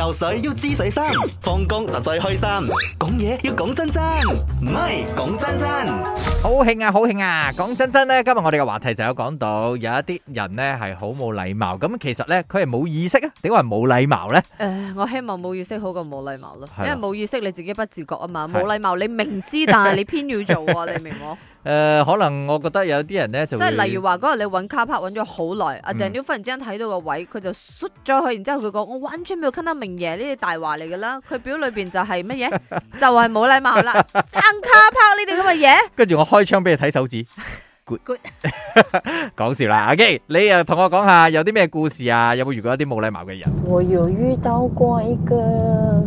遊水要知水深，放工就最開心。講嘢要講真真，唔係講真真。好興啊，好興啊！講真真咧，今日我哋嘅話題就有講到有一啲人咧係好冇禮貌。咁其實咧，佢係冇意識啊，點為冇禮貌咧？誒，我希望冇意識好過冇禮貌咯。因為冇意識你自己不自覺啊嘛，冇禮貌你明知但係你偏要做啊，你明冇？誒，可能我覺得有啲人咧就即係例如話嗰日你揾卡拍揾咗好耐，阿 Daniel 忽然之間睇到個位，佢就摔咗佢，然之後佢講我完全冇 under 明嘢呢啲大話嚟噶啦，佢表裏邊就係乜嘢？就係冇禮貌啦，爭卡拍呢啲咁嘅嘢。跟住我開槍俾你睇手指，good good。講笑啦，阿基，你又同我講下有啲咩故事啊？有冇遇過一啲冇禮貌嘅人？我有遇到過一個。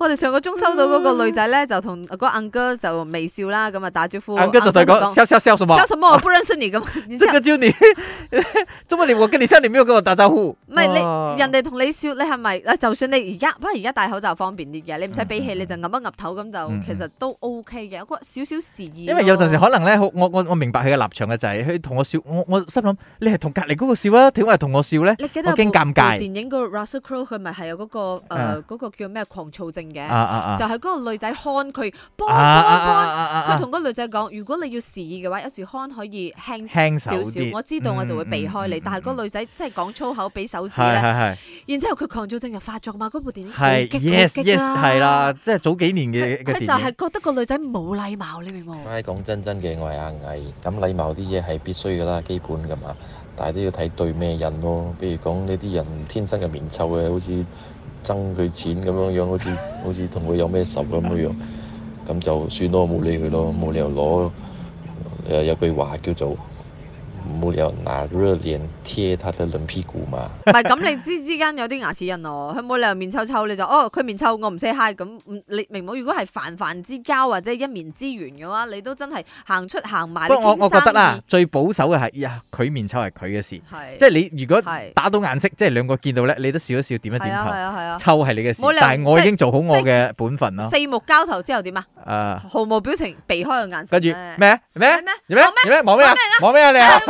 我哋上個鐘收到嗰個女仔咧，就同個阿 uncle 就微笑啦，咁啊打招呼。uncle 就同佢講：sell sell sell 什麼？sell 什麼？我不認識你咁。這個 Juni，Juni，我跟你笑，你沒有跟我打招呼。唔係你人哋同你笑，你係咪？嗱，就算你而家，不過而家戴口罩，方便啲嘅，你唔使俾氣，你就岌一岌頭咁就，其實都 OK 嘅，一個少少示意。因為有陣時可能咧，我我我明白佢嘅立場嘅就係，佢同我笑，我我心諗，你係同隔籬嗰個笑啦，點解同我笑咧？我驚尷尬。電影個 Russell Crowe，佢咪係有嗰個誒，嗰個叫咩狂躁症？嘅，就係嗰個女仔看佢，幫幫幫佢同嗰個女仔講，如果你要示意嘅話，有時看可以輕輕少少，我知道我就會避開你。但係嗰個女仔真係講粗口、俾手指咧，然之後佢狂躁症又發作嘛。嗰部電影極極啦，係啦，即係早幾年嘅。佢就係覺得個女仔冇禮貌，你明冇？講真真嘅，我係阿毅，咁禮貌啲嘢係必須噶啦，基本噶嘛，但係都要睇對咩人咯。譬如講呢啲人天生嘅面臭嘅，好似。爭佢錢，咁樣樣，好似好似同佢有咩仇咁樣，咁就算咯，冇理佢咯，冇理由攞，誒，有句話叫做。幕僚拿熱臉貼他的冷屁股嘛？唔係咁，你之之間有啲牙齒印咯。佢冇理由面臭臭，你就哦，佢面臭，我唔識嗨咁，你明冇？如果係泛泛之交或者一面之緣嘅話，你都真係行出行埋。不過我我覺得啦，最保守嘅係呀，佢面臭係佢嘅事，即係你如果打到眼色，即係兩個見到咧，你都笑一笑，點一點頭，臭係你嘅事。但係我已經做好我嘅本分啦。四目交投之後點啊？誒，毫無表情避開個眼色。跟住咩咩咩咩咩咩啊？咩啊？咩啊？你啊？